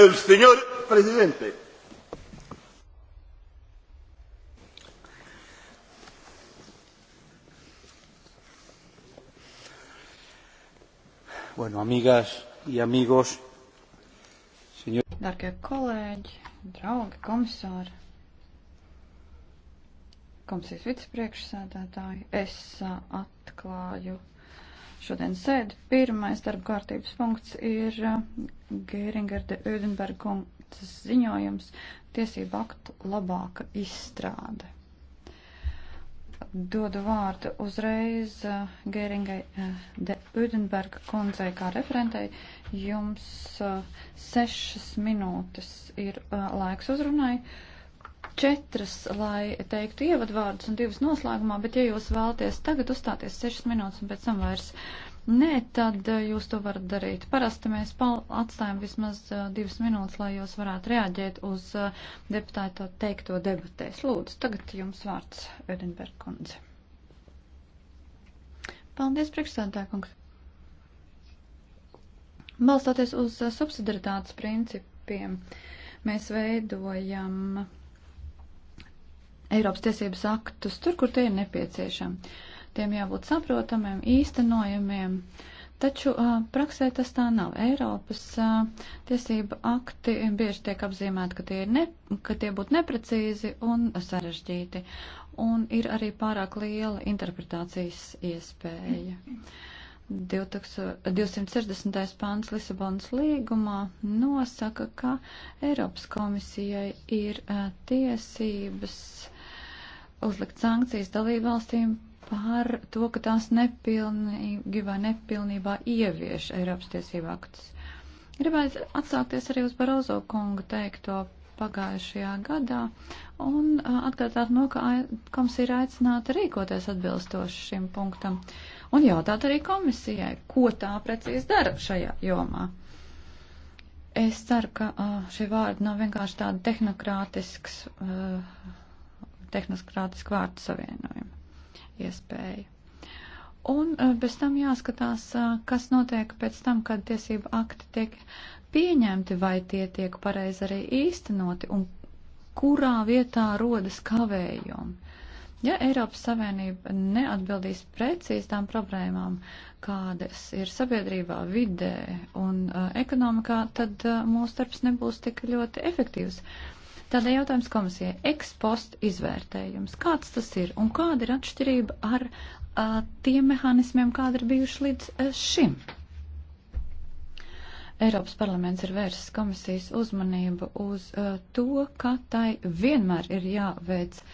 el señor presidente. Bueno, amigas y amigos, señor. Dargie kolēģi, draugi, komisāri, komisijas vicepriekšsēdētāji, es atklāju šodien sēdi. Pirmais darba kārtības punkts ir uh, Gēringer de Ödenberg kundzes ziņojums tiesību aktu labāka izstrāde. Dodu vārdu uzreiz uh, Gēringai uh, de Ödenberg kundzei kā referentei. Jums sešas minūtes ir laiks uzrunai četras, lai teiktu ievadvārdus un divas noslēgumā, bet ja jūs vēlaties tagad uzstāties sešas minūtes un pēc tam vairs nē, tad eh, jūs to varat darīt. Parasti mēs atstājam vismaz eh, divas minūtes, lai jūs varētu reaģēt uz eh, deputāto teikto debatēs. Lūdzu, tagad jums vārds, Edinberg kundze. Paldies, priekšsēdētāj, kungs. Balstoties uz subsidaritātes principiem, mēs veidojam Eiropas tiesības aktus tur, kur tie ir nepieciešami. Tiem jābūt saprotamiem, īstenojamiem, taču uh, praksē tas tā nav. Eiropas uh, tiesība akti bieži tiek apzīmēti, ka tie, ir ne, ka tie būtu neprecīzi un sarežģīti, un ir arī pārāk liela interpretācijas iespēja. 260. pāns Lisabonas līgumā nosaka, ka Eiropas komisijai ir uh, tiesības uh, uzlikt sankcijas dalību valstīm par to, ka tās nepilnīgi vai nepilnībā ievieš Eiropas tiesību aktus. Gribētu atsaukties arī uz Barozo kunga teikto pagājušajā gadā un atgādāt no, ka komisija ir aicināta rīkoties atbilstoši šim punktam un jautāt arī komisijai, ko tā precīzi dara šajā jomā. Es ceru, ka šie vārdi nav vienkārši tāda tehnokrātisks. Uh, tehnoskrātisku vārdu savienojumu iespēju. Un e, bez tam jāskatās, e, kas notiek pēc tam, kad tiesību akti tiek pieņemti, vai tie tiek pareizi arī īstenoti un kurā vietā rodas kavējumi. Ja Eiropas Savienība neatbildīs precīzi tām problēmām, kādas ir sabiedrībā, vidē un uh, ekonomikā, tad uh, mūsu darbs nebūs tik ļoti efektīvs. Uh, Tādēļ jautājums komisijai - ekspost izvērtējums. Kāds tas ir un kāda ir atšķirība ar uh, tiem mehānismiem, kāda ir bijuši līdz uh, šim? Eiropas parlaments ir vērsis komisijas uzmanību uz uh, to, ka tai vienmēr ir jāveic uh,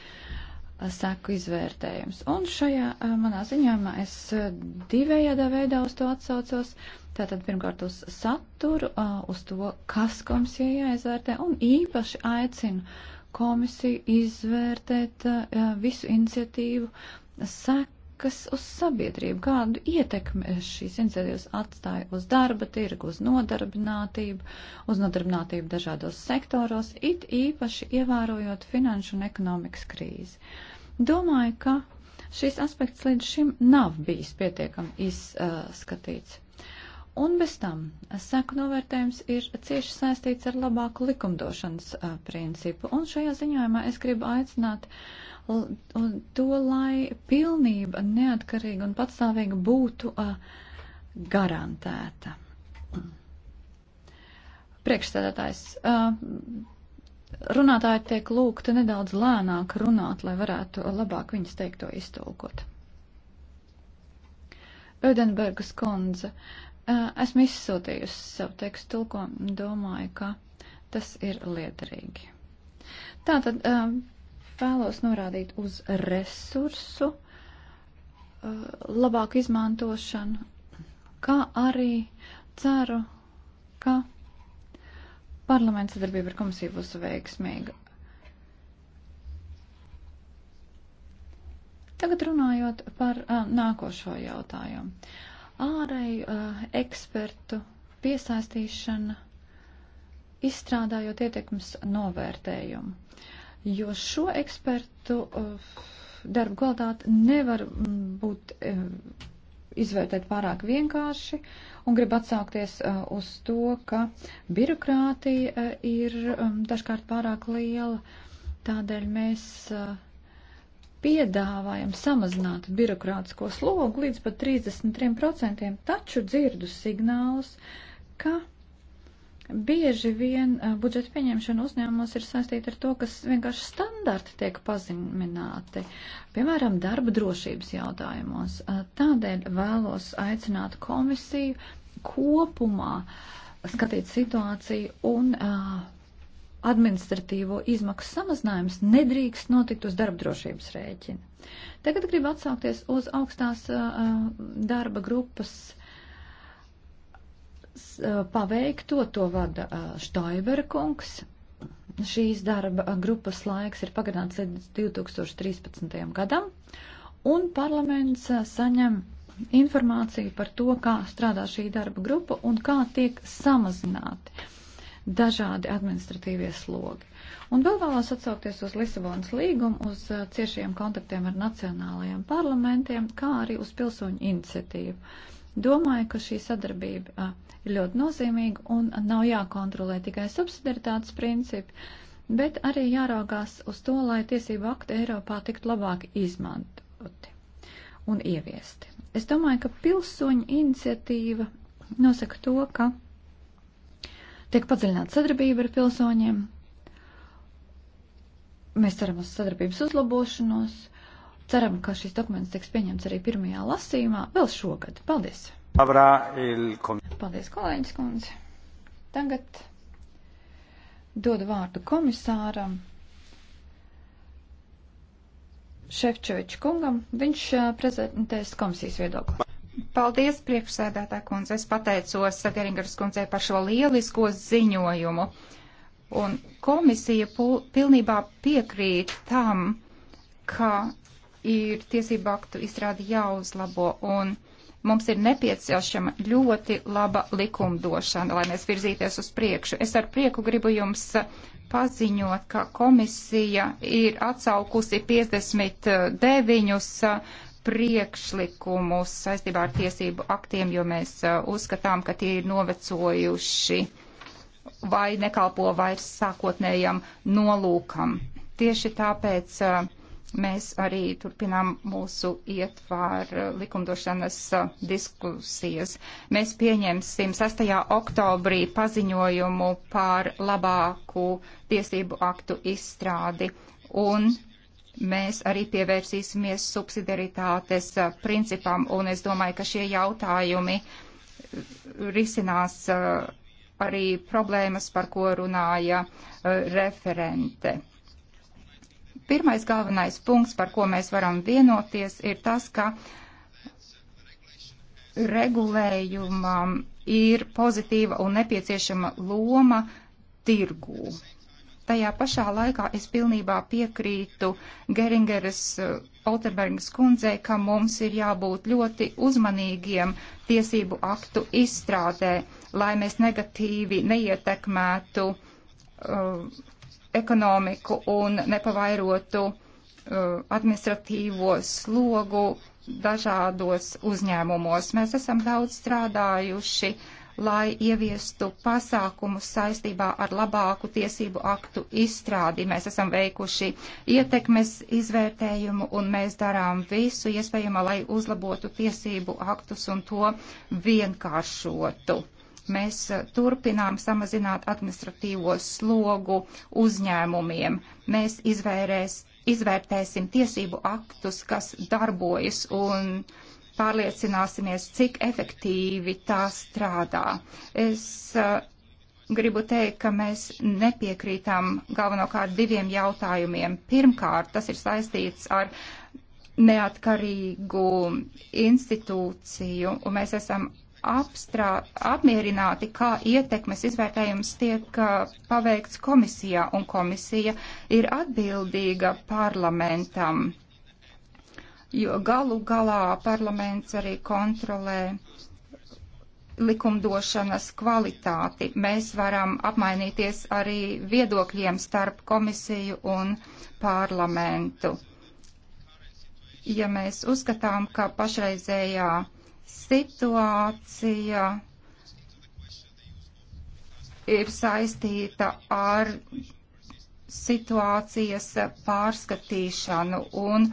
seku izvērtējums. Un šajā eh, manā ziņojumā es eh, divējādā veidā uz to atsaucos. Tātad pirmkārt uz saturu, eh, uz to, kas komisija jāizvērtē, un īpaši aicinu komisiju izvērtēt visu iniciatīvu seku kas uz sabiedrību, kādu ietekmi šīs iniciatīvas atstāja uz darba tirgu, uz nodarbinātību, uz nodarbinātību dažādos sektoros, it īpaši ievērojot finanšu un ekonomikas krīzi. Domāju, ka šīs aspekts līdz šim nav bijis pietiekami izskatīts. Un bez tam seku novērtējums ir cieši saistīts ar labāku likumdošanas principu. Un šajā ziņojumā es gribu aicināt uh, un to, lai pilnība neatkarīga un patstāvīga būtu uh, garantēta. Priekšstādātājs, uh, runātāji tiek lūgti nedaudz lēnāk runāt, lai varētu labāk viņas teikto iztulkot. Ödenbergas kundze, uh, esmu izsūtījusi savu tekstu tulko, domāju, ka tas ir lietarīgi. Tātad, uh, vēlos norādīt uz resursu uh, labāku izmantošanu, kā arī ceru, ka parlaments sadarbība ar komisiju būs veiksmīga. Tagad runājot par uh, nākošo jautājumu. Ārēju uh, ekspertu piesaistīšana, izstrādājot ietekmes novērtējumu jo šo ekspertu uh, darbu kvalitāti nevar mm, būt eh, izvērtēt pārāk vienkārši un grib atsākties eh, uz to, ka birokrātija eh, ir mm, dažkārt pārāk liela. Tādēļ mēs piedāvājam samazināt birokrātisko slogu līdz pat 33%, taču dzirdu signālus, ka Bieži vien eh, budžeta pieņemšana uzņēmumos ir saistīta ar to, kas vienkārši standarti tiek pazemināti, piemēram, darba drošības jautājumos. Eh, tādēļ vēlos aicināt komisiju kopumā skatīt situāciju un eh, administratīvo izmaksu samazinājums nedrīkst notikt uz darba drošības rēķina. Tagad gribu atsaukties uz augstās darba grupas paveikto, to vada Štaibera kungs. Šīs darba grupas laiks ir pagarināts līdz 2013. gadam, un parlaments saņem informāciju par to, kā strādā šī darba grupa un kā tiek samazināti dažādi administratīvie slogi. Un vēl vēlos atsaukties uz Lisabonas līgumu, uz ciešajiem kontaktiem ar nacionālajiem parlamentiem, kā arī uz pilsoņu iniciatīvu. Uh, Domāju, ka šī sadarbība ir ļoti nozīmīga un nav jākontrolē tikai subsidiaritātes principi, bet arī jāraugās uz to, lai tiesību akti Eiropā tiktu labāk izmantoti un ieviesti. Es domāju, ka pilsoņu iniciatīva nosaka to, ka tiek padziļināta sadarbība ar pilsoņiem. Mēs ceram uz sadarbības uzlabošanos Ceram, ka šis dokuments tiks pieņemts arī pirmajā lasījumā vēl šogad. Paldies! Paldies, kolēģis kundze! Tagad dodu vārdu komisāram Šefčoviča kungam. Viņš prezentēs komisijas viedokli. Paldies, priekšsēdētā kundze. Es pateicos Geringaras kundzei par šo lielisko ziņojumu. Un komisija pilnībā piekrīt tam, ka ir tiesību aktu izstrādi jāuzlabo un mums ir nepieciešama ļoti laba likumdošana, lai mēs virzīties uz priekšu. Es ar prieku gribu jums uh, paziņot, ka komisija ir atsaukusi 59 uh, priekšlikumus saistībā ar tiesību aktiem, jo mēs uh, uzskatām, ka tie ir novecojuši vai nekalpo vairs sākotnējam nolūkam. Tieši tāpēc uh, Mēs arī turpinām mūsu ietvāru likumdošanas diskusijas. Mēs pieņemsim 6. oktobrī paziņojumu par labāku tiesību aktu izstrādi. Un mēs arī pievērsīsimies subsidiaritātes principam, un es domāju, ka šie jautājumi risinās arī problēmas, par ko runāja referente. Pirmais galvenais punkts, par ko mēs varam vienoties, ir tas, ka regulējumam ir pozitīva un nepieciešama loma tirgū. Tajā pašā laikā es pilnībā piekrītu Geringeres Olterbergas kundzei, ka mums ir jābūt ļoti uzmanīgiem tiesību aktu izstrādē, lai mēs negatīvi neietekmētu uh, ekonomiku un nepavairotu uh, administratīvo slogu dažādos uzņēmumos. Mēs esam daudz strādājuši, lai ieviestu pasākumus saistībā ar labāku tiesību aktu izstrādi. Mēs esam veikuši ietekmes izvērtējumu un mēs darām visu iespējamo, lai uzlabotu tiesību aktus un to vienkāršotu. Mēs eh, turpinām samazināt administratīvo slogu uzņēmumiem. Mēs izvērēs, izvērtēsim tiesību aktus, kas darbojas un pārliecināsimies, cik efektīvi tā strādā. Es eh, gribu teikt, ka mēs nepiekrītam galvenokārt diviem jautājumiem. Pirmkārt, tas ir saistīts ar neatkarīgu institūciju, un mēs esam apstrā, apmierināti, kā ietekmes izvērtējums tiek uh, paveikts komisijā, un komisija ir atbildīga parlamentam, jo galu galā parlaments arī kontrolē likumdošanas kvalitāti. Mēs varam apmainīties arī viedokļiem starp komisiju un parlamentu. Ja mēs uzskatām, ka pašreizējā situācija ir saistīta ar situācijas pārskatīšanu un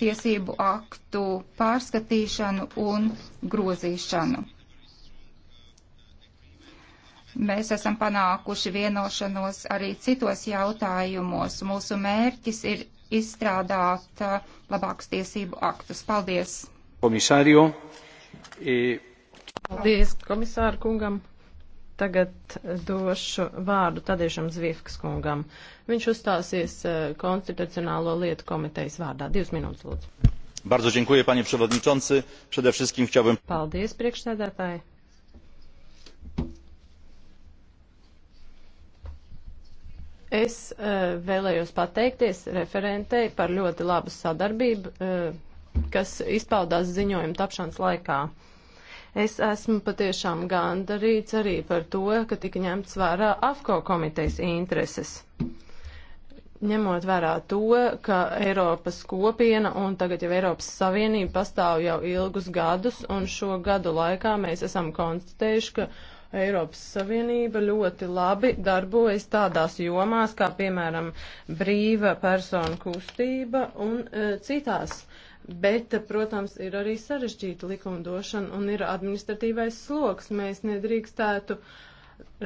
tiesību aktu pārskatīšanu un grozīšanu. Mēs esam panākuši vienošanos arī citos jautājumos. Mūsu mērķis ir izstrādāt labākus tiesību aktus. Paldies! Komisārio, E, Paldies komisāru kungam. Tagad došu vārdu Tadiešam Zviefkas kungam. Viņš uzstāsies e, Konstitucionālo lietu komitejas vārdā. Divas minūtes, lūdzu. Bardzo dziękuję, panie przewodniczący. Przede wszystkim chciałbym... Paldies, priekšsēdētāji. Es uh, vēlējos pateikties referentei par ļoti labu sadarbību. Uh, kas izpaudās ziņojuma tapšanas laikā. Es esmu patiešām gandarīts arī par to, ka tika ņemts vērā AFCO komitejas intereses ņemot vērā to, ka Eiropas kopiena un tagad jau Eiropas Savienība pastāv jau ilgus gadus, un šo gadu laikā mēs esam konstatējuši, ka Eiropas Savienība ļoti labi darbojas tādās jomās, kā piemēram brīva persona kustība un e, citās. Bet, protams, ir arī sarežģīta likumdošana un ir administratīvais sloks. Mēs nedrīkstētu uh,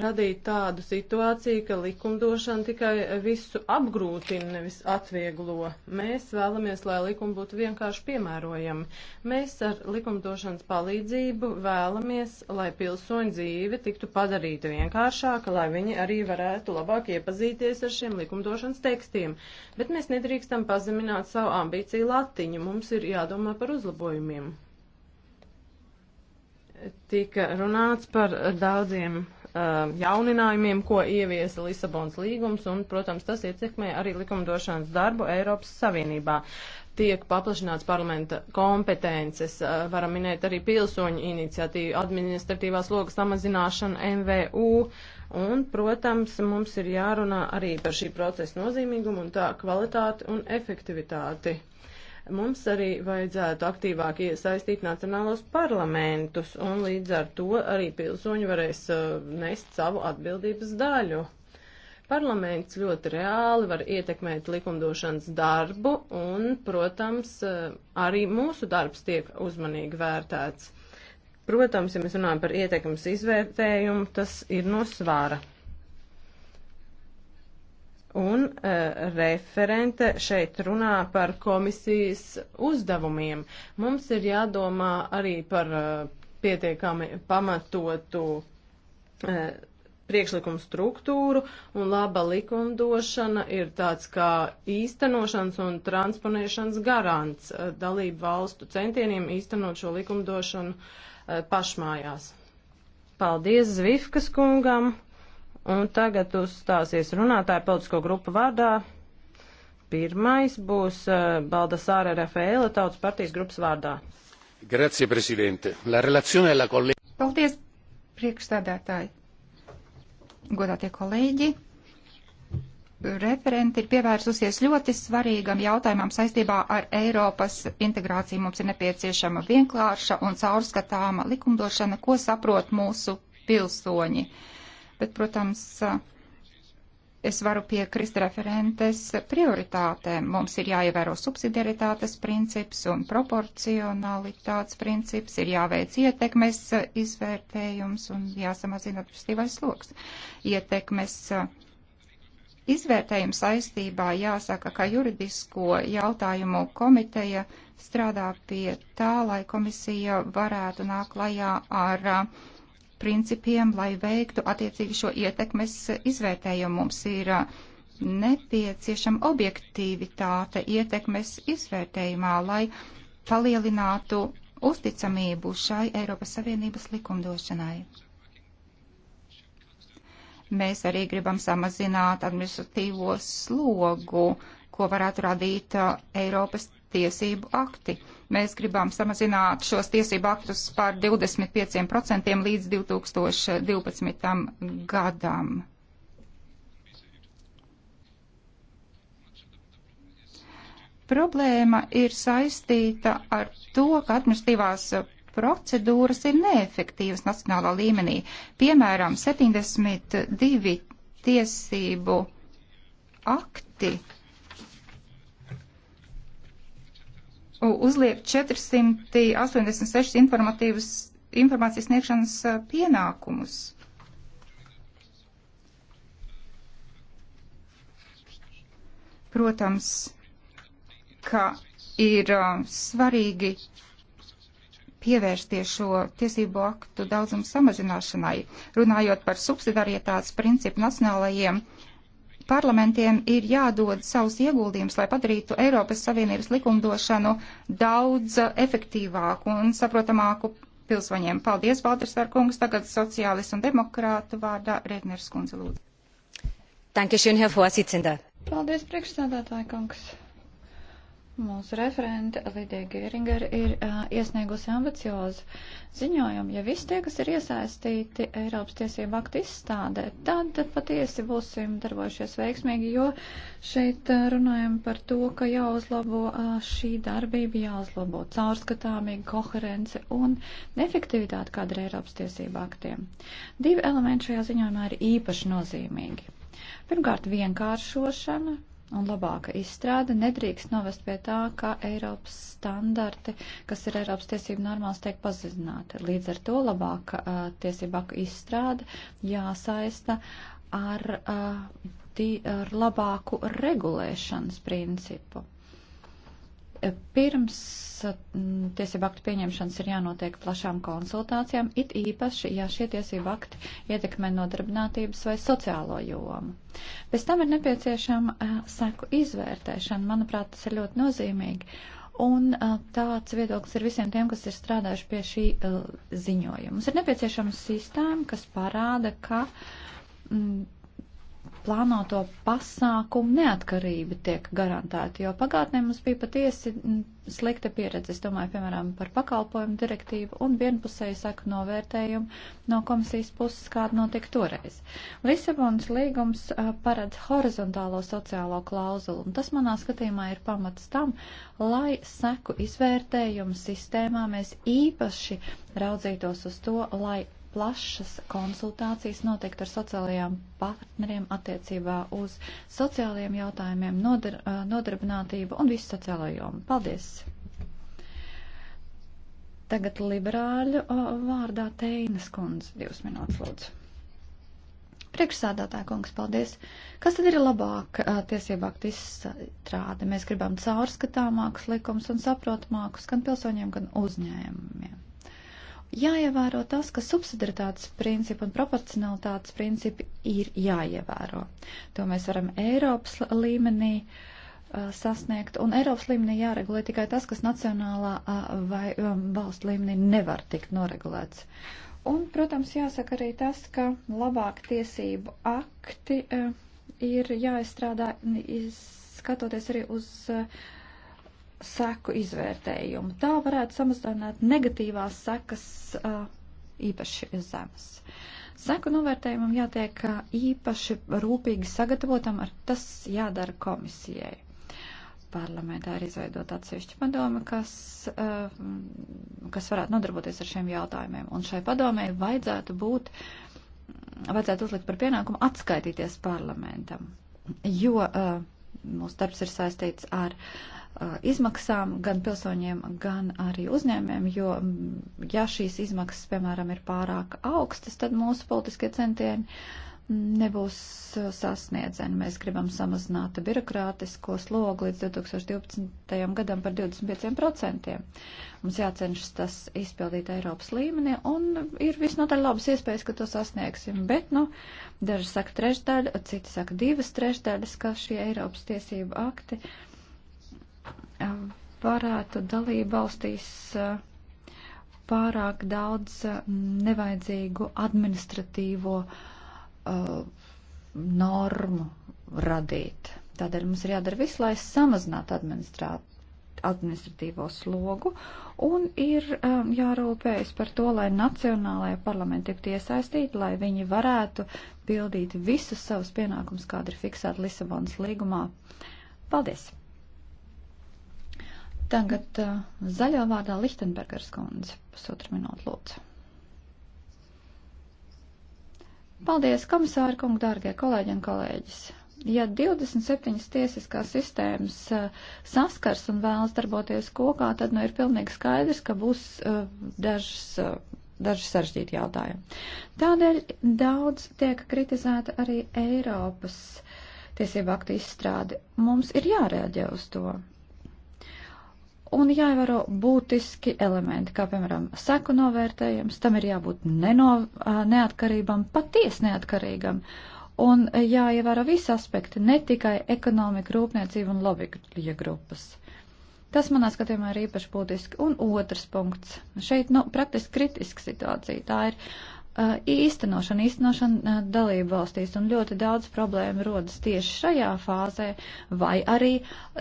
radīt tādu situāciju, ka likumdošana tikai visu apgrūtina, nevis atvieglo. Mēs vēlamies, lai likumi būtu vienkārši piemērojami. Mēs ar likumdošanas palīdzību vēlamies, lai pilsoņu dzīve tiktu padarīta vienkāršāka, lai viņi arī varētu labāk iepazīties ar šiem likumdošanas tekstiem. Bet mēs nedrīkstam pazemināt savu ambīciju latiņu. Mums ir jādomā par uzlabojumiem. Tika runāts par daudziem Um, jauninājumiem, ko ieviesa Lisabons līgums, un, protams, tas ietekmē arī likumdošanas darbu Eiropas Savienībā. Tiek paplašināts parlamenta kompetences, uh, varam minēt arī pilsoņu iniciatīvu, administratīvās logas samazināšanu, MVU, un, protams, mums ir jārunā arī par šī procesa nozīmīgumu un tā kvalitāti un efektivitāti. Mums arī vajadzētu aktīvāk iesaistīt nacionālos parlamentus, un līdz ar to arī pilsoņi varēs uh, nest savu atbildības daļu. Parlaments ļoti reāli var ietekmēt likumdošanas darbu, un, protams, uh, arī mūsu darbs tiek uzmanīgi vērtēts. Protams, ja mēs runājam par ietekmes izvērtējumu, tas ir no svāra. Eh, referente šeit runā par komisijas uzdevumiem. Mums ir jādomā arī par eh, pietiekami pamatotu eh, priekšlikumu struktūru, un laba likumdošana ir tāds kā īstenošanas un transponēšanas garants dalību valstu centieniem īstenot šo likumdošanu pašmājās. Paldies Zvifkas kungam! Un tagad uzstāsies runātāja politisko grupu vārdā. Pirmais būs uh, Baldasāra Rafaela tautas partijas grupas vārdā. Grazie, prezidente. La relazione alla collega. Paldies, priekšstādātāji. Godātie kolēģi. Referenti ir pievērsusies ļoti svarīgam jautājumam saistībā ar Eiropas integrāciju. Mums ir nepieciešama vienkārša un caurskatāma likumdošana, ko saprot mūsu pilsoņi. Uh, bet, protams, es varu piekrist referentes prioritātēm. Mums ir jāievēro subsidiaritātes princips un proporcionalitātes princips, ir jāveic ietekmes izvērtējums un jāsamazina administratīvais sloks. Ietekmes izvērtējums saistībā jāsaka, ka juridisko jautājumu komiteja strādā pie tā, lai komisija varētu nākt klajā ar uh, principiem, lai veiktu attiecīgi šo ietekmes izvērtējumu. Mums ir uh, nepieciešama objektivitāte ietekmes izvērtējumā, lai palielinātu uzticamību šai Eiropas Savienības likumdošanai. Mēs arī gribam samazināt administratīvo slogu, ko varētu radīt uh, Eiropas tiesību akti. Mēs gribam samazināt šos tiesību aktus par 25% līdz 2012. gadam. Problēma ir saistīta ar to, ka administratīvās procedūras ir neefektīvas nacionālā līmenī. Piemēram, 72 tiesību akti uzliek 486 informatīvas informācijas sniegšanas pienākumus. Protams, ka ir svarīgi pievērsties šo tiesību aktu daudzumu samazināšanai, runājot par subsidarietātes principu nacionālajiem uh, parlamentiem ir jādod savus ieguldījumus, lai padarītu Eiropas Savienības likumdošanu daudz efektīvāku un saprotamāku pilsoņiem. Paldies, Valters Vērkungs, tagad sociālis un demokrātu vārdā Regners Kundze lūdzu. Dankeschön, Herr Vorsitzender. Paldies, priekšstādātāja kungs. Mūsu referente Lidija Gēringer ir uh, iesniegusi ambiciozu ziņojumu. Ja visi tie, kas ir iesaistīti Eiropas tiesību aktu izstādē, tad, tad patiesi būsim darbojušies veiksmīgi, jo šeit uh, runājam par to, ka jāuzlabo uh, šī darbība, jāuzlabo caurskatāmīga koherence un efektivitāte, kāda ir Eiropas tiesību aktiem. Divi elementi šajā ziņojumā ir īpaši nozīmīgi. Pirmkārt, vienkāršošana un labāka izstrāde nedrīkst novest pie tā, ka Eiropas standarti, kas ir Eiropas tiesību normās, tiek pazināti. Līdz ar to labāka uh, tiesību aku izstrāde jāsaista ar, uh, tī, ar labāku regulēšanas principu. Pirms mm, tiesību aktu pieņemšanas ir jānotiek plašām konsultācijām, it īpaši, ja šie tiesību akti ietekmē nodarbinātības vai sociālo jomu. Pēc tam ir nepieciešama eh, seku izvērtēšana. Manuprāt, tas ir ļoti nozīmīgi. Un eh, tāds viedoklis ir visiem tiem, kas ir strādājuši pie šī eh, ziņojuma. Mums ir nepieciešama sistēma, kas parāda, ka. Mm, plānoto pasākumu neatkarība tiek garantēta, jo pagātnē mums bija patiesi slikta pieredze. Es domāju, piemēram, par pakalpojumu direktīvu un vienpusēju saku novērtējumu no komisijas puses, kāda notika toreiz. Lisabonas līgums paredz horizontālo sociālo klauzulu, un tas manā skatījumā ir pamats tam, lai seku izvērtējumu sistēmā mēs īpaši raudzītos uz to, lai plašas konsultācijas notikt ar sociālajiem partneriem attiecībā uz sociālajiem jautājumiem, nodar, nodarbinātību un visu sociālo jomu. Paldies! Tagad liberāļu vārdā Teinas kundze, divas minūtes lūdzu. Priekšsādātāja kungs, paldies. Kas tad ir labāk tiesība aktu izstrāde? Mēs gribam caurskatāmākus likumus un saprotamākus gan pilsoņiem, gan uzņēmumiem jāievēro tas, ka subsidaritātes principi un proporcionalitātes principi ir jāievēro. To mēs varam Eiropas līmenī uh, sasniegt, un Eiropas līmenī jāregulē tikai tas, kas nacionālā uh, vai um, valsts līmenī nevar tikt noregulēts. Un, protams, jāsaka arī tas, ka labāk tiesību akti uh, ir jāizstrādā, skatoties arī uz uh, seku izvērtējumu. Tā varētu samazināt negatīvās sekas uh, īpaši zemes. Seku novērtējumam jātiek īpaši rūpīgi sagatavotam, ar tas jādara komisijai. Parlamentā ir izveidot atsevišķu padomu, kas, uh, kas varētu nodarboties ar šiem jautājumiem. Un šai padomē vajadzētu būt, vajadzētu uzlikt par pienākumu atskaitīties parlamentam, jo uh, mūsu darbs ir saistīts ar uh, Uh, izmaksām gan pilsoņiem, gan arī uzņēmiem, jo mm, ja šīs izmaksas, piemēram, ir pārāk augstas, tad mūsu politiskie centieni mm, nebūs uh, sasniedzeni. Mēs gribam samazināt birokrātisko slogu līdz 2012. gadam par 25%. Mums jācenšas tas izpildīt Eiropas līmenī, un ir visnotaļ labas iespējas, ka to sasniegsim. Bet, nu, daži saka trešdaļu, citi saka divas trešdaļas, ka šie Eiropas tiesību akti. Uh, varētu dalībvalstīs eh, pārāk daudz eh, nevajadzīgu administratīvo uh, normu radīt. Tādēļ mums ir jādara viss, lai samazinātu administratīvo slogu un ir um, jārūpējas par to, lai nacionālajie parlamenti tiktu iesaistīti, lai viņi varētu pildīt visus savus pienākumus, kādi ir fiksēti Lisabonas līgumā. Paldies! Tagad uh, zaļā vārdā Lichtenbergers kundze, pusotru minūtu lūdzu. Paldies, komisāri kungi, dārgie kolēģi un kolēģis. Ja 27 tiesiskās sistēmas uh, saskars un vēlas darboties kopā, tad nu ir pilnīgi skaidrs, ka būs uh, dažas. Uh, daži sarežģīti jautājumi. Tādēļ daudz tiek kritizēta arī Eiropas tiesību aktu izstrāde. Mums ir jārēģē uz to. Un jāievēro būtiski elementi, kā piemēram seku novērtējums, tam ir jābūt neno, neatkarībam, paties neatkarīgam. Un jāievēro visi aspekti, ne tikai ekonomika, rūpniecība un lobbyja grupas. Tas manā skatījumā ir īpaši būtiski. Un otrs punkts. Šeit, nu, praktiski kritiska situācija. Tā ir uh, Uh, īstenošana, īstenošana uh, dalību valstīs, un ļoti daudz problēmu rodas tieši šajā fāzē, vai arī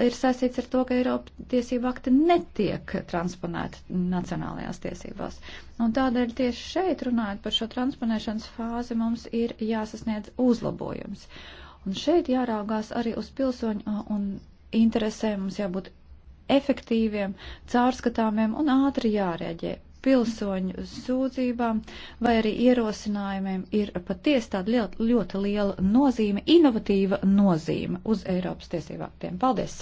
ir saistīts ar to, ka Eiropa tiesība akti netiek transponēta nacionālajās tiesībās. Un tādēļ tieši šeit runājot par šo transponēšanas fāzi mums ir jāsasniedz uzlabojums. Un šeit jāraugās arī uz pilsoņu uh, un interesēm mums jābūt efektīviem, caurskatāmiem un ātri jārēģē pilsoņu sūdzībām vai arī ierosinājumiem ir patiesi tāda ļoti, ļoti liela nozīme, inovatīva nozīme uz Eiropas tiesību aktiem. Paldies!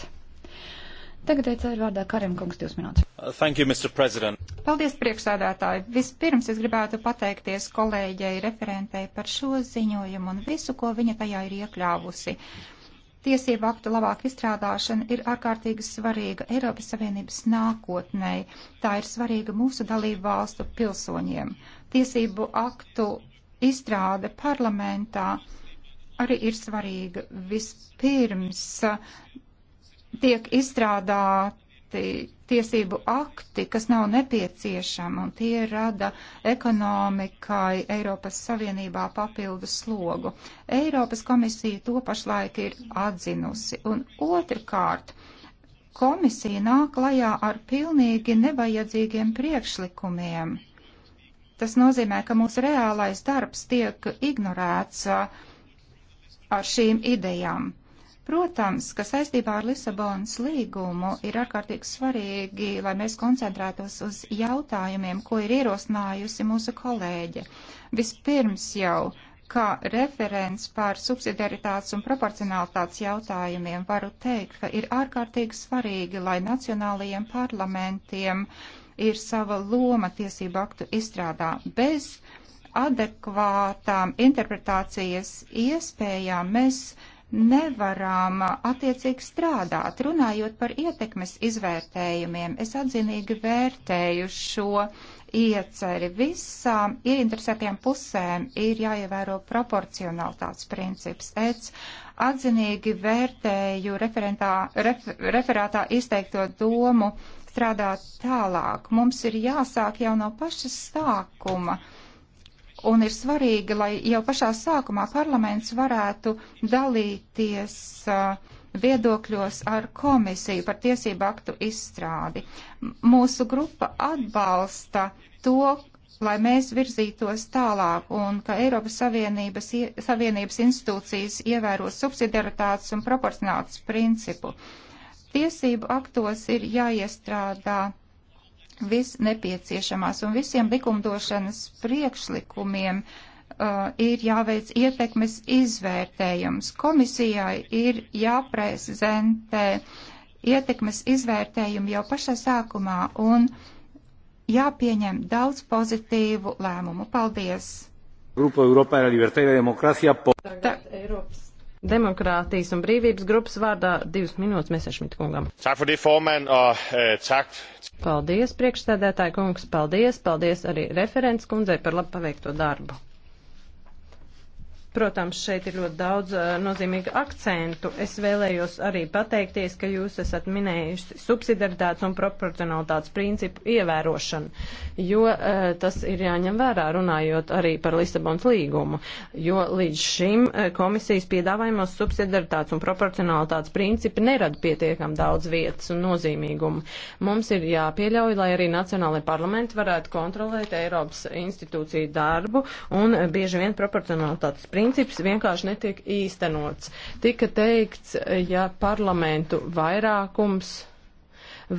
Tagad ECR vārdā Karim Kungs, divas minūtes. Uh, thank you, Mr. President. Paldies, priekšsēdētāji. Vispirms es gribētu pateikties kolēģei referentei par šo ziņojumu un visu, ko viņa tajā ir iekļāvusi. Uh, Tiesību aktu labāka izstrādāšana ir ārkārtīgi svarīga Eiropas Savienības nākotnei. Tā ir svarīga mūsu dalību valstu pilsoņiem. Tiesību aktu izstrāde parlamentā arī ir svarīga. Vispirms uh, tiek izstrādāt pieņemti tiesību akti, kas nav nepieciešami, un tie rada ekonomikai Eiropas Savienībā papildus slogu. Eiropas komisija to pašlaik ir atzinusi. Un otrkārt, komisija nāk klajā ar pilnīgi nevajadzīgiem priekšlikumiem. Tas nozīmē, ka mūsu reālais darbs tiek ignorēts uh, ar šīm idejām. Protams, ka saistībā ar Lisabonas līgumu ir ārkārtīgi svarīgi, lai mēs koncentrētos uz jautājumiem, ko ir ierosinājusi mūsu kolēģe. Vispirms jau, kā referents par subsidiaritātes un proporcionalitātes jautājumiem, varu teikt, ka ir ārkārtīgi svarīgi, lai nacionālajiem parlamentiem ir sava loma tiesību aktu izstrādā. Bez adekvātām interpretācijas iespējām mēs nevaram attiecīgi strādāt. Runājot par ietekmes izvērtējumiem, es atzinīgi vērtēju šo ieceri. Visām ieinteresētajām pusēm ir jāievēro proporcionalitātes princips. Es atzinīgi vērtēju ref, referātā izteikto domu strādāt tālāk. Mums ir jāsāk jau no paša sākuma. Uh, Un ir svarīgi, lai jau pašā sākumā parlaments varētu dalīties uh, viedokļos ar komisiju par tiesību aktu izstrādi. Mūsu grupa atbalsta to, lai mēs virzītos tālāk un ka Eiropas Savienības, Savienības institūcijas ievēros subsidiaritātes un proporcionātas principu. Tiesību aktos ir jāiestrādā viss nepieciešamās un visiem likumdošanas priekšlikumiem uh, ir jāveic ietekmes izvērtējums. Komisijai ir jāprezentē ietekmes izvērtējumi jau pašā sākumā un jāpieņem daudz pozitīvu lēmumu. Paldies! Grupa Eiropā ir libertāja demokrātija. Po... Tagad Eiropas Demokrātijas un brīvības grupas vārdā divas minūtes Mesešmit kungam. Øh, paldies, priekšstādētāji kungs, paldies, paldies arī referents kundzei par labu paveikto darbu. Protams, šeit ir ļoti daudz uh, nozīmīgu akcentu. Es vēlējos arī pateikties, ka jūs esat minējuši subsidaritātes un proporcionalitātes principu ievērošanu, jo uh, tas ir jāņem vērā runājot arī par Lisabons līgumu, jo līdz šim uh, komisijas piedāvājumos subsidaritātes un proporcionalitātes principi nerada pietiekam daudz vietas un nozīmīgumu. Mums ir jāpieļauj, lai arī nacionālai parlamenti varētu kontrolēt Eiropas institūciju darbu un bieži vien proporcionalitātes principu princips vienkārši netiek īstenots. Tika teikts, ja parlamentu vairākums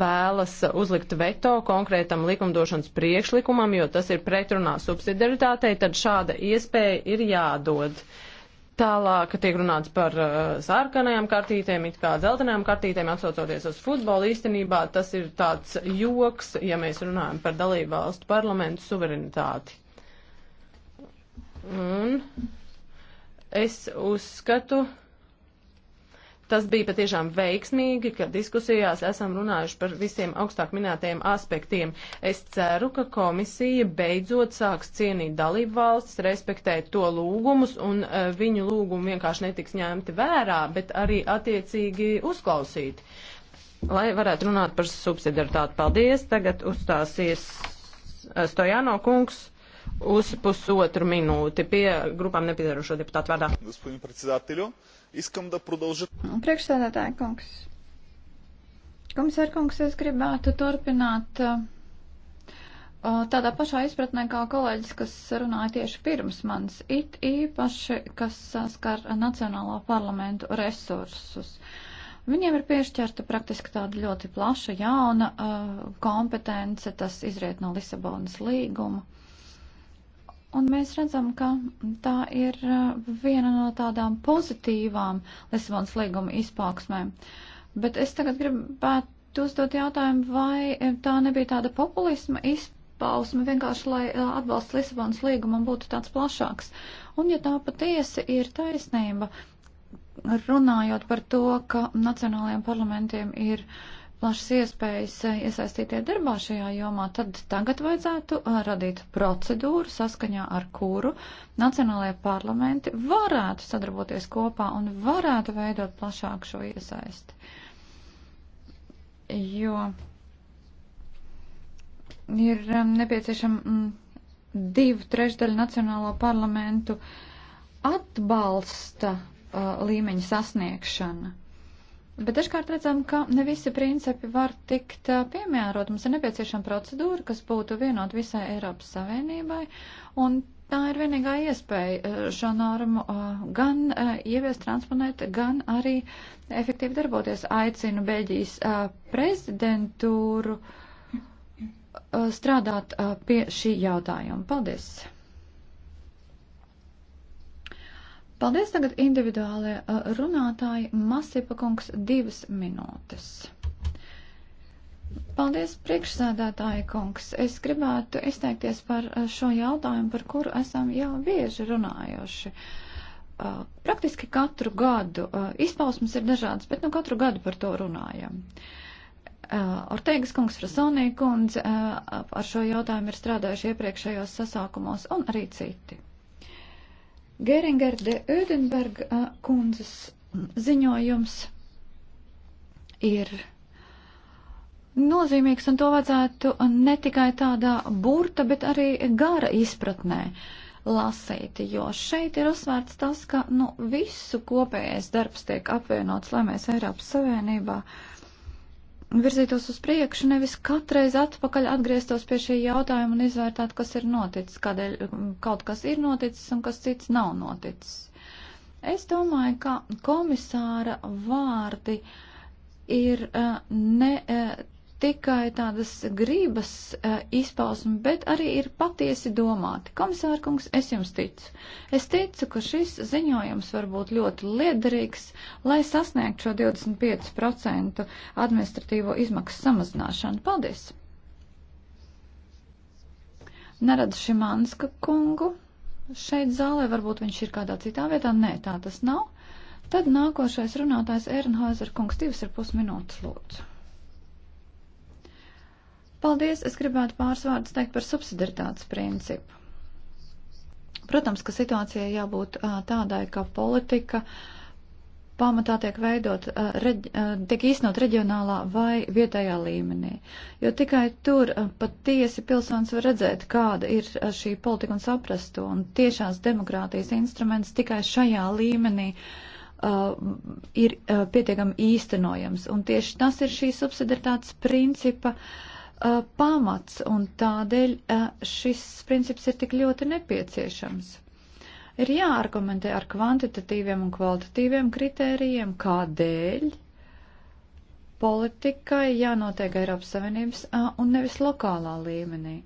vēlas uzlikt veto konkrētam likumdošanas priekšlikumam, jo tas ir pretrunā subsidiaritātei, tad šāda iespēja ir jādod. Tālāk tiek runāts par uh, sarkanajām kartītēm, it kā dzeltenajām kartītēm, atsaucoties uz futbolu. Īstenībā tas ir tāds joks, ja mēs runājam par dalību valstu parlamentu suverenitāti. Un Es uzskatu, tas bija patiešām veiksmīgi, ka diskusijās esam runājuši par visiem augstāk minētajiem aspektiem. Es ceru, ka komisija beidzot sāks cienīt dalību valstis, respektēt to lūgumus, un uh, viņu lūgumi vienkārši netiks ņemti vērā, bet arī attiecīgi uzklausīti. Lai varētu runāt par subsidiaritāti, paldies. Tagad uzstāsies e, Stojāno kungs uz pusotru minūti pie grupām nepiedarošo deputātu vārdā. Priekšsēdētāja kungs. Komisāra kungs, es gribētu turpināt uh, uh, tādā pašā izpratnē kā kolēģis, kas runāja tieši pirms manis, it īpaši, kas skar Nacionālā parlamentu resursus. Viņiem ir piešķirta praktiski tāda ļoti plaša jauna uh, kompetence, tas izriet no Lisabonas līguma. Un mēs redzam, ka tā ir uh, viena no tādām pozitīvām Lisabonas līguma izpauksmēm. Bet es tagad gribētu uzdot jautājumu, vai eh, tā nebija tāda populisma izpausme, vienkārši lai uh, atbalsts Lisabonas līgumam būtu tāds plašāks. Un ja tā patiesi ir taisnība, runājot par to, ka nacionālajiem parlamentiem ir uh, plašas iespējas eh, iesaistītie darbā šajā jomā, tad tagad vajadzētu eh, radīt procedūru, saskaņā ar kuru nacionālajie parlamenti varētu sadarboties kopā un varētu veidot plašāku šo iesaisti. Jo ir eh, nepieciešama mm, divu trešdaļu nacionālo parlamentu atbalsta līmeņa sasniegšana Bet dažkārt redzam, ka ne visi principi var tikt piemērot. Mums ir nepieciešama procedūra, kas būtu vienot visai Eiropas Savienībai, un tā ir vienīgā iespēja šo normu gan ieviest, transponēt, gan arī efektīvi darboties. Aicinu Beļģijas prezidentūru strādāt pie šī jautājuma. Paldies! Paldies tagad individuālajai uh, runātāji Masipa kungs divas minūtes. Paldies, priekšsēdētāja kungs. Es gribētu izteikties par uh, šo jautājumu, par kuru esam jau bieži runājuši. Uh, praktiski katru gadu uh, izpausmes ir dažādas, bet nu no katru gadu par to runājam. Uh, Ortegas kungs, Frasonī kundze uh, ar šo jautājumu ir strādājuši iepriekšējos sasākumos un arī citi. Geringer de Ödenberga kundzes ziņojums ir nozīmīgs, un to vajadzētu ne tikai tādā burta, bet arī gara izpratnē lasīt, jo šeit ir uzsvērts tas, ka nu, visu kopējais darbs tiek apvienots, lai mēs Eiropas Savienībā uh, virzītos uz priekšu, nevis katreiz atpakaļ atgrieztos pie šī jautājuma un izvērtāt, kas ir noticis, kādēļ kaut kas ir noticis un kas cits nav noticis. Es domāju, ka komisāra vārdi ir eh, ne eh, tikai tādas gribas uh, e, izpausme, bet arī ir patiesi domāti. Komisārkungs, es jums ticu. Es ticu, ka šis ziņojums var būt ļoti liederīgs, lai sasniegtu šo 25% administratīvo izmaksu samazināšanu. Paldies! Neradu Šimanska kungu šeit zālē, varbūt viņš ir kādā citā vietā. Nē, tā tas nav. Tad nākošais runātājs Ernhāzer kungs, divas ar pus minūtes lūdzu. Paldies! Es gribētu pāris vārdus teikt par subsidaritātes principu. Protams, ka situācijai jābūt tādai, ka politika pamatā tiek veidot, reģ, tiek īstenot reģionālā vai vietējā līmenī. Jo tikai tur patiesi pilsonis var redzēt, kāda ir šī politika un saprast to. Un tiešās demokrātijas instruments tikai šajā līmenī uh, ir uh, pietiekami īstenojams. Un tieši tas ir šī subsidaritātes principa uh, uh, pamats, un tādēļ uh, šis princips ir tik ļoti nepieciešams. Ir jāargumentē ar kvantitatīviem un kvalitatīviem kritērijiem, kādēļ politikai jānotiek Eiropas Savienības uh, un nevis lokālā līmenī.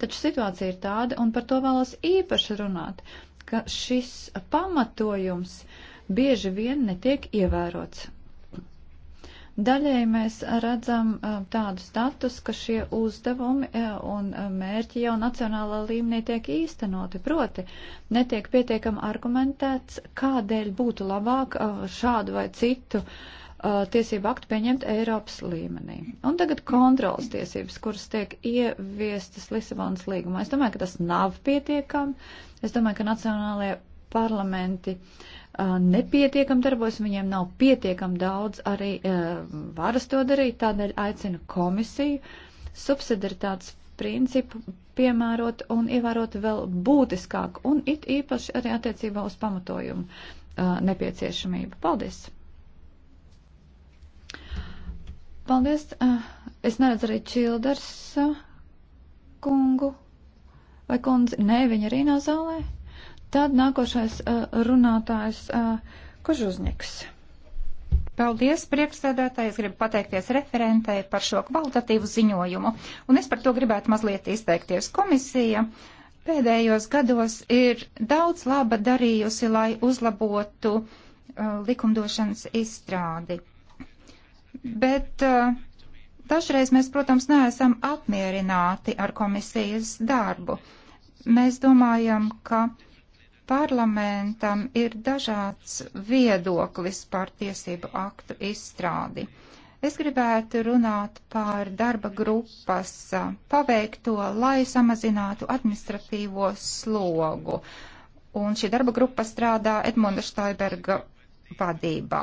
Taču situācija ir tāda, un par to vēlos īpaši runāt, ka šis pamatojums bieži vien netiek ievērots. Daļēji mēs redzam tādu status, ka šie uzdevumi un mērķi jau nacionālā līmenī tiek īstenoti. Proti, netiek pietiekami argumentēts, kādēļ būtu labāk šādu vai citu tiesību aktu pieņemt Eiropas līmenī. Un tagad kontrolas tiesības, kuras tiek ieviestas Lisabonas līgumā. Es domāju, ka tas nav pietiekami. Es domāju, ka nacionālajie parlamenti uh, nepietiekam darbojas, viņiem nav pietiekam daudz arī varas to darīt, tādēļ aicinu komisiju subsidaritātes principu piemērot un ievērot vēl būtiskāk un it īpaši arī attiecībā uz pamatojumu nepieciešamību. Paldies! Paldies! Es neredzu arī Čilders kungu vai kundzi. Nē, viņa arī nav zālē. Tad nākošais uh, runātājs uh, Kožuzniks. Paldies, priekšsēdētāji. Es gribu pateikties referentei par šo kvalitatīvu ziņojumu. Un es par to gribētu mazliet izteikties. Komisija pēdējos gados ir daudz laba darījusi, lai uzlabotu uh, likumdošanas izstrādi. Bet uh, dažreiz mēs, protams, neesam apmierināti ar komisijas darbu. Mēs domājam, ka uh, Parlamentam ir dažāds viedoklis par tiesību aktu izstrādi. Es gribētu runāt par darba grupas paveikto, lai samazinātu administratīvo slogu. Un šī darba grupa strādā Edmunda Štaiberga vadībā.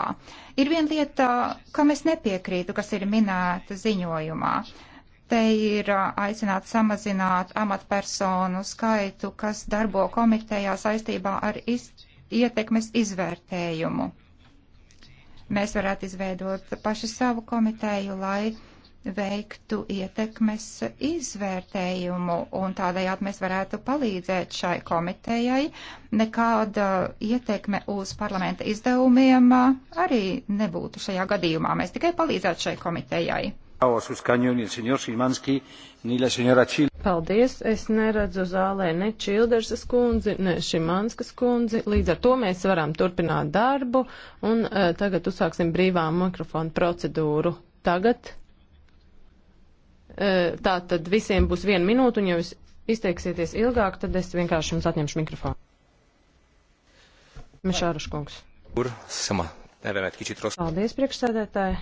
Ir viena lieta, kam es nepiekrītu, kas ir minēta ziņojumā. Uh, Te ir aicināts samazināt amatpersonu skaitu, kas darbo komitejā saistībā ar iz, ietekmes izvērtējumu. Mēs varētu izveidot paši savu komiteju, lai veiktu ietekmes izvērtējumu, un tādējādi mēs varētu palīdzēt šai komitejai. Nekāda ietekme uz parlamenta izdevumiem arī nebūtu šajā gadījumā. Mēs tikai palīdzētu šai komitejai. Paldies, es neredzu zālē ne Čildersas kundzi, ne Šimanskas kundzi, līdz ar to mēs varam turpināt darbu un uh, tagad uzsāksim brīvā mikrofonu procedūru. Tagad uh, tā tad visiem būs viena minūte un ja jūs izteiksieties ilgāk, tad es vienkārši jums atņemšu mikrofonu. Mišāruškungs. Paldies, priekšsēdētāji.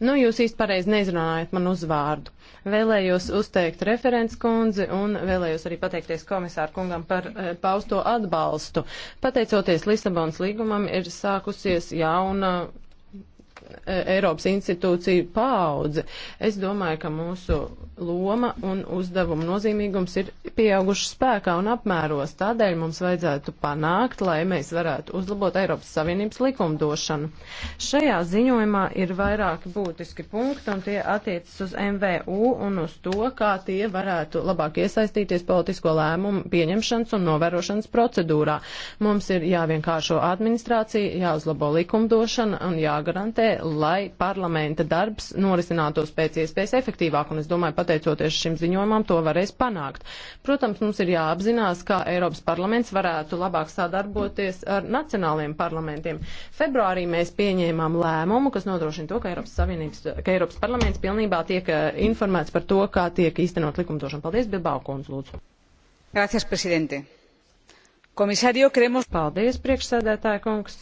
Nu, jūs īsti pareizi neizrunājat man uzvārdu. Vēlējos uzteikt referents kundzi un vēlējos arī pateikties komisāru kungam par e, pausto atbalstu. Pateicoties Lisabonas līgumam, ir sākusies jauna eh, Eiropas institūciju paudze. Es domāju, ka mūsu loma un uzdevuma nozīmīgums ir pieauguši spēkā un apmēros. Tādēļ mums vajadzētu panākt, lai mēs varētu uzlabot Eiropas Savienības likumdošanu. Šajā ziņojumā ir vairāki būtiski punkti, un tie attiecas uz MVU un uz to, kā tie varētu labāk iesaistīties politisko lēmumu pieņemšanas un novērošanas procedūrā. Mums ir jāvienkāršo administrācija, jāuzlabo likumdošana un jāgarantē, lai parlamenta darbs norisinātos pēc iespējas efektīvāk. Un es domāju, pat pateicoties šim ziņojumam, to varēs panākt. Protams, mums ir jāapzinās, kā Eiropas parlaments varētu labāk sadarboties ar nacionāliem parlamentiem. Februārī mēs pieņēmām lēmumu, kas nodrošina to, ka Eiropas, Savienības, ka Eiropas parlaments pilnībā tiek eh, informēts par to, kā tiek īstenot likumdošana. Paldies, Bilbao Kons, lūdzu. Gracias, presidente. Komisario, queremos. Paldies, priekšsēdētāja kungs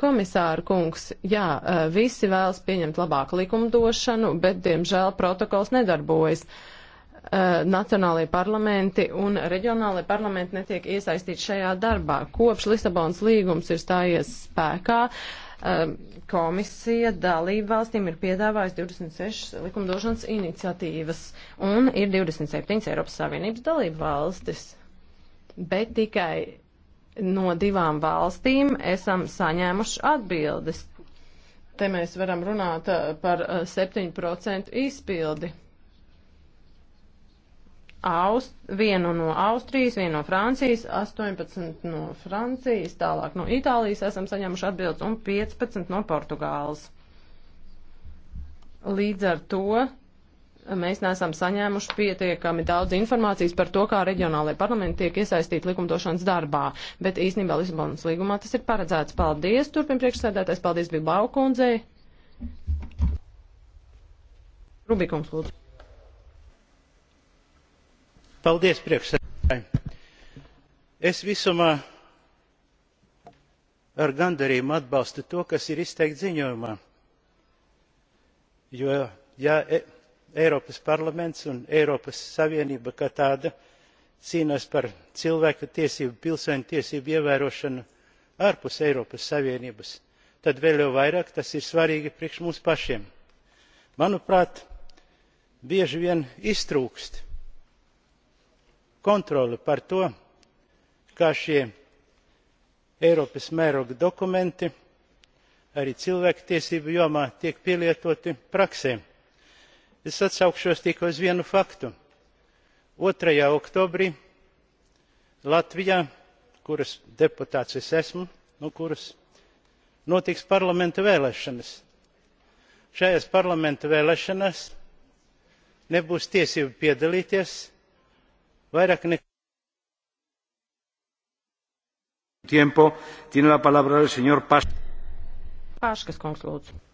Komisāra kungs, jā, eh, visi vēlas pieņemt labāku likumdošanu, bet, diemžēl, protokols nedarbojas. Eh, Nacionālajie parlamenti un reģionālajie parlamenti netiek iesaistīti šajā darbā. Kopš Lisabonas līgums ir stājies spēkā, eh, komisija dalību valstīm ir piedāvājusi 26 likumdošanas iniciatīvas un ir 27 Eiropas Savienības dalību valstis, bet tikai no divām valstīm esam saņēmuši atbildes. Te mēs varam runāt uh, par 7% uh, izpildi. Aust, vienu no Austrijas, vienu no Francijas, 18 no Francijas, tālāk no Itālijas esam saņēmuši atbildes un 15 no Portugāles. Līdz ar to mēs neesam saņēmuši pietiekami daudz informācijas par to, kā reģionālajie parlamenti tiek iesaistīti likumdošanas darbā. Bet īstenībā Lisabonas līgumā tas ir paredzēts. Paldies, turpin priekšsēdētājs, paldies Bilbao kundzei. Rubikums, lūdzu. Paldies, priekšsēdētāji. Es visumā ar gandarījumu atbalstu to, kas ir izteikts ziņojumā. Jo, ja e- eiropas parlaments un eiropas savienība kā tāda cīnās par cilvēku tiesību pilsoņu tiesību ievērošanu ārpus eiropas savienības tad vēl jau vairāk tas ir svarīgi priekš mums pašiem. manuprāt bieži vien iztrūkst kontrole par to kā šie eiropas mēroga dokumenti arī cilvēktiesību jomā tiek pielietoti praksē es atsaukšos tikai uz vienu faktu two oktobrī latvijā kuras deputāts es esmu no kuras notiks parlamenta vēlēšanas. šajās parlamenta vēlēšanās nebūs tiesību piedalīties vairāk nekā. Paškas kungs lūdzu.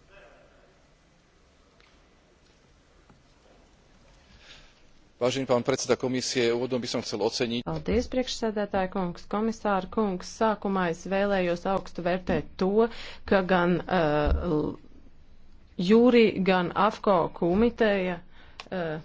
Vážený pán predseda komisie, úvodom by som chcel oceniť. Paldies, priekšsēdētāja kungs, komisāra kungs. Sākumā es vēlējos augstu vērtēt to, ka gan uh, eh, jūri, gan AFKO komiteja. Uh,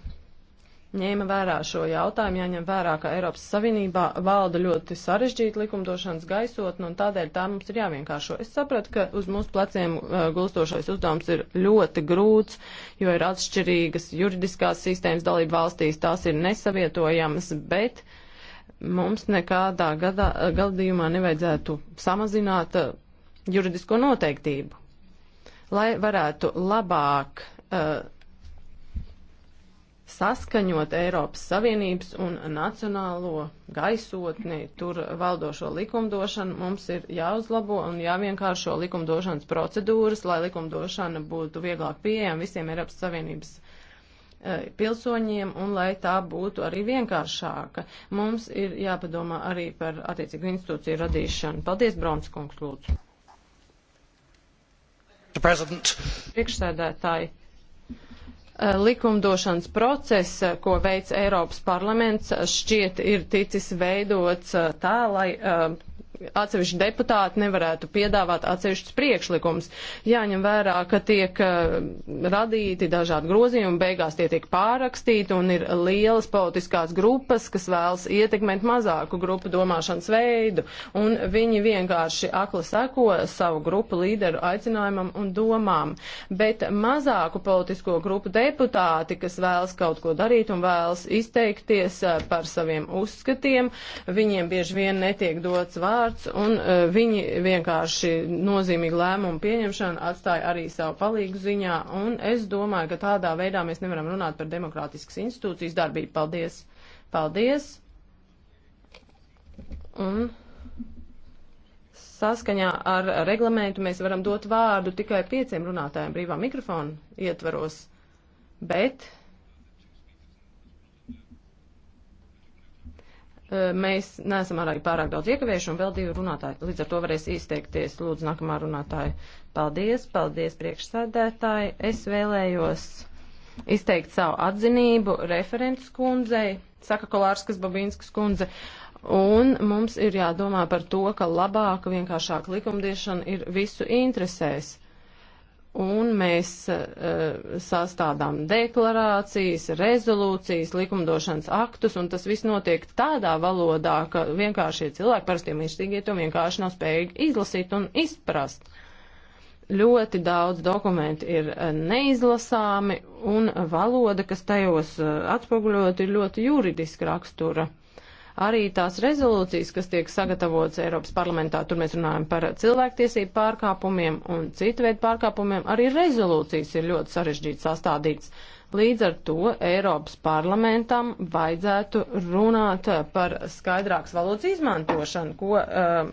ņēma vērā šo jautājumu, jāņem vērā, ka Eiropas Savienībā valda ļoti sarežģīta likumdošanas gaisotne, un tādēļ tā mums ir jāvienkāršo. Es sapratu, ka uz mūsu pleciem uh, gulstošais uzdevums ir ļoti grūts, jo ir atšķirīgas juridiskās sistēmas dalību valstīs, tās ir nesavietojamas, bet mums nekādā gadā, gadījumā nevajadzētu samazināt uh, juridisko noteiktību. Lai varētu labāk uh, saskaņot Eiropas Savienības un nacionālo gaisotni, tur valdošo likumdošanu mums ir jāuzlabo un jāvienkāršo likumdošanas procedūras, lai likumdošana būtu vieglāk pieejama visiem Eiropas Savienības e, pilsoņiem un lai tā būtu arī vienkāršāka. Mums ir jāpadomā arī par attiecīgu institūciju radīšanu. Paldies, Bronskungs, lūdzu. Priekšsēdētāji Eh, likumdošanas process, ko veids Eiropas parlaments, šķiet ir ticis veidots eh, tā, lai eh, atsevišķi deputāti nevarētu piedāvāt atsevišķus priekšlikumus. Jāņem vērā, ka tiek eh, radīti dažādi grozījumi, beigās tie tiek pārakstīti un ir lielas politiskās grupas, kas vēlas ietekmēt mazāku grupu domāšanas veidu, un viņi vienkārši akli seko savu grupu līderu aicinājumam un domām. Bet mazāku politisko grupu deputāti, kas vēlas kaut ko darīt un vēlas izteikties eh, par saviem uzskatiem, viņiem bieži vien netiek dots vārds vārds, un uh, viņi vienkārši nozīmīgu lēmumu pieņemšanu atstāja arī savu palīgu ziņā, un es domāju, ka tādā veidā mēs nevaram runāt par demokrātiskas institūcijas darbību. Paldies! Paldies! Un saskaņā ar reglamentu mēs varam dot vārdu tikai pieciem runātājiem brīvā mikrofona ietvaros, bet Mēs neesam arī pārāk daudz iekavējuši un vēl divi runātāji. Līdz ar to varēs izteikties. Lūdzu, nākamā runātāja. Paldies, paldies priekšsēdētāji. Es vēlējos izteikt savu atzinību referents kundzei, saka Kolārskas Babīnskas kundze. Un mums ir jādomā par to, ka labāka, vienkāršāka likumdiešana ir visu interesēs un mēs uh, sastādām deklarācijas, rezolūcijas, likumdošanas aktus, un tas viss notiek tādā valodā, ka vienkāršie cilvēki, parastie mīlestīgie, to vienkārši nav spējīgi izlasīt un izprast. Ļoti daudz dokumenti ir e, neizlasāmi, un valoda, kas tajos e, atspoguļot, ir ļoti juridiska rakstura. Uh, arī tās rezolūcijas, kas tiek sagatavotas Eiropas parlamentā, tur mēs runājam par cilvēktiesību pārkāpumiem un citu veidu pārkāpumiem, arī rezolūcijas ir ļoti sarežģīti sastādītas. Līdz ar to Eiropas parlamentam vajadzētu runāt par skaidrāks valodas izmantošanu, ko um,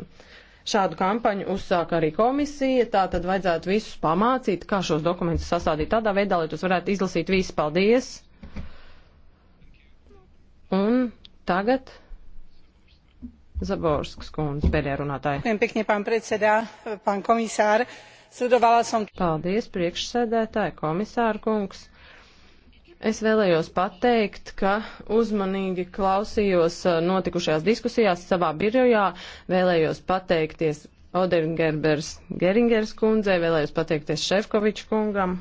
šādu kampaņu uzsāka arī komisija. Tā tad vajadzētu visus pamācīt, kā šos dokumentus sasādīt tādā veidā, lai tos varētu izlasīt visi. Paldies! Un tagad Zaborskas kundze, pēdējā runātāja. Pekņi, pán predsedā, pán komisār, sudovala som. Paldies, priekšsēdētāji, komisāra kungs. Es vēlējos pateikt, ka uzmanīgi klausījos eh, notikušajās diskusijās savā birojā, vēlējos pateikties Odergerbers Geringers kundzei, vēlējos pateikties Šefkoviču kungam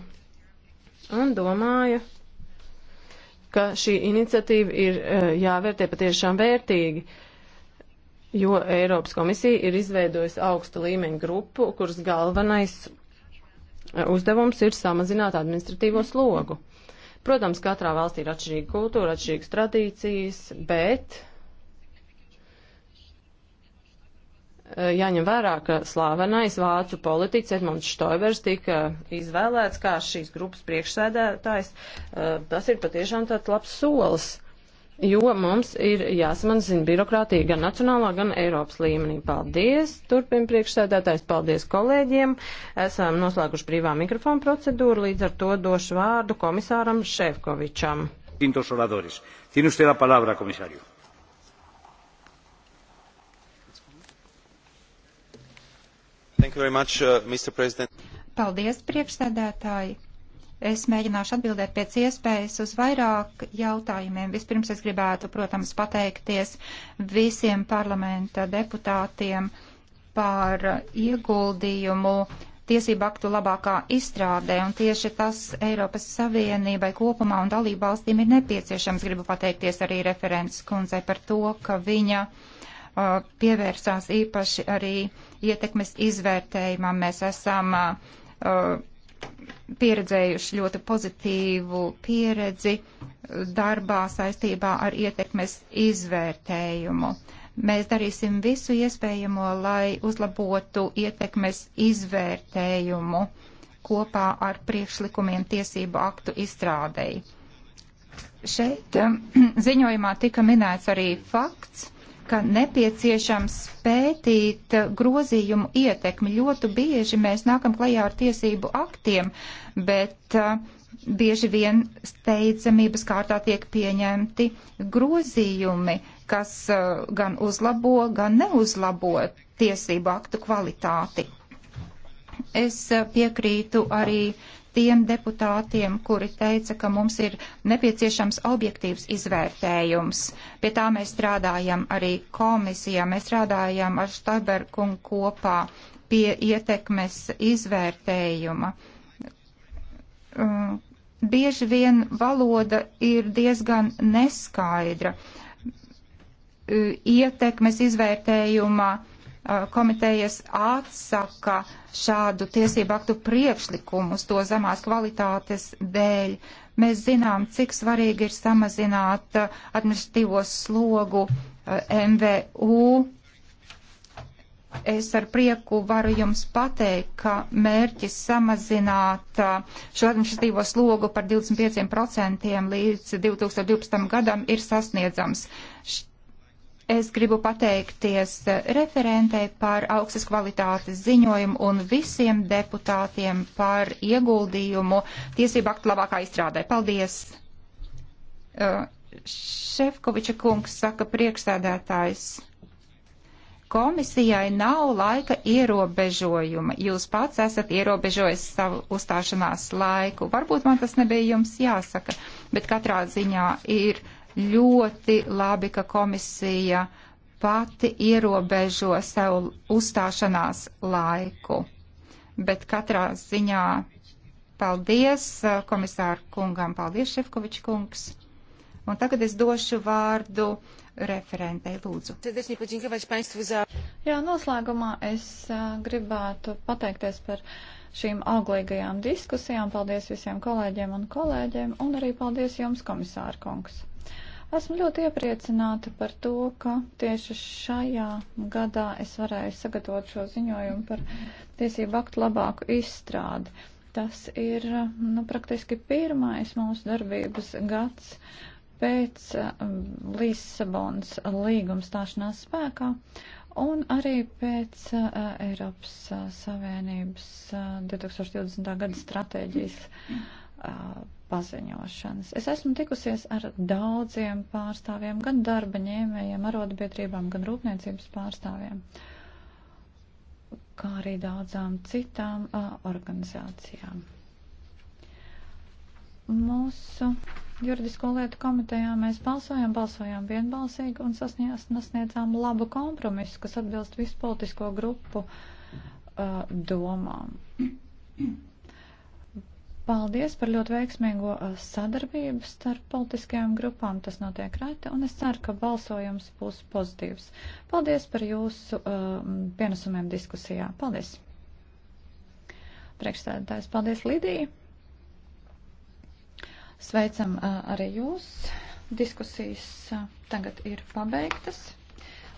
un domāju, ka šī iniciatīva ir eh, jāvērtē patiešām vērtīgi. Uh, jo Eiropas komisija ir izveidojusi augsta līmeņa grupu, kuras galvenais e, uzdevums ir samazināt administratīvo slogu. Protams, katrā valstī ir atšķirīga kultūra, atšķirīgas tradīcijas, bet e, jāņem vērā, ka slāvenais vācu politiķis Edmunds Štoivers tika izvēlēts kā šīs grupas priekšsēdētājs. E, tas ir patiešām tāds labs solis jo mums ir jāsamazina birokrātija gan nacionālā, gan Eiropas līmenī. Paldies, turpina priekšsēdētājs, paldies kolēģiem. Esam noslēguši brīvā mikrofona procedūru, līdz ar to došu vārdu komisāram Šefkovičam. Tiene usted la palabra, comisario. Thank you very much, uh, Mr. President. Paldies, priekšsēdētāji. Es mēģināšu atbildēt pēc iespējas uz vairāk jautājumiem. Vispirms es gribētu, protams, pateikties visiem parlamenta deputātiem par ieguldījumu tiesību aktu labākā izstrādē, un tieši tas Eiropas Savienībai kopumā un dalību valstīm ir nepieciešams. Gribu pateikties arī referents kundzei par to, ka viņa uh, pievērsās īpaši arī ietekmes izvērtējumam. Mēs esam uh, pieredzējuši ļoti pozitīvu pieredzi darbā saistībā ar ietekmes izvērtējumu. Mēs darīsim visu iespējamo, lai uzlabotu ietekmes izvērtējumu kopā ar priekšlikumiem tiesību aktu izstrādēji. Šeit ehm, ziņojumā tika minēts arī fakts, ka nepieciešams pētīt grozījumu ietekmi. Ļoti bieži mēs nākam klajā ar tiesību aktiem, bet uh, bieži vien steidzamības kārtā tiek pieņemti grozījumi, kas uh, gan uzlabo, gan neuzlabo tiesību aktu kvalitāti. Es uh, piekrītu arī uh, tiem deputātiem, kuri teica, ka mums ir nepieciešams objektīvs izvērtējums. Pie tā mēs strādājam arī komisijā, mēs strādājam ar Štaberkungu kopā pie ietekmes izvērtējuma. Mm, bieži vien valoda ir diezgan neskaidra. Mm, ietekmes izvērtējumā Eh, komitejas atsaka šādu tiesību aktu priekšlikumu uz to zemās kvalitātes dēļ. Mēs zinām, cik svarīgi ir samazināt eh, administratīvo slogu eh, MVU. Es ar prieku varu jums pateikt, ka mērķis samazināt šo administratīvo slogu par 25% līdz 2012. gadam ir sasniedzams. Št Es gribu pateikties referentei par augstas kvalitātes ziņojumu un visiem deputātiem par ieguldījumu tiesību aktu labākā izstrādē. Paldies! Šefkoviča kungs saka priekšsēdētājs. Komisijai nav laika ierobežojuma. Jūs pats esat ierobežojis savu uzstāšanās laiku. Varbūt man tas nebija jums jāsaka, bet katrā ziņā ir ļoti labi, ka komisija pati ierobežo sev uzstāšanās laiku. Bet katrā ziņā paldies komisāru kungam, paldies Šefkovičs kungs. Un tagad es došu vārdu referentei Lūdzu. Jā, noslēgumā es gribētu pateikties par šīm auglīgajām diskusijām. Paldies visiem kolēģiem un kolēģiem, un arī paldies jums, komisāra kungs. Esmu ļoti iepriecināta par to, ka tieši šajā gadā es varēju sagatavot šo ziņojumu par tiesību aktu labāku izstrādi. Tas ir nu, praktiski pirmais mūsu darbības gads pēc um, Lisabonas līguma stāšanās spēkā un arī pēc uh, Eiropas uh, Savienības uh, 2020. gada stratēģijas. Uh, paziņošanas. Es esmu tikusies ar daudziem pārstāvjiem, gan darba ņēmējiem, arotbiedrībām, gan rūpniecības pārstāvjiem, kā arī daudzām citām uh, organizācijām. Mūsu juridisko lietu komitejā mēs balsojām, balsojām vienbalsīgi un sasniedzām labu kompromisu, kas atbilst visu politisko grupu uh, domām. Paldies par ļoti veiksmīgo uh, sadarbību starp politiskajām grupām. Tas notiek reti, un es ceru, ka balsojums būs pozitīvs. Paldies par jūsu uh, pienesumiem diskusijā. Paldies! Priekšstādātājs, paldies Lidija! Sveicam uh, arī jūs! Diskusijas uh, tagad ir pabeigtas.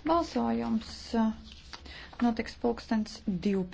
Balsojums uh, notiks pulkstens 12.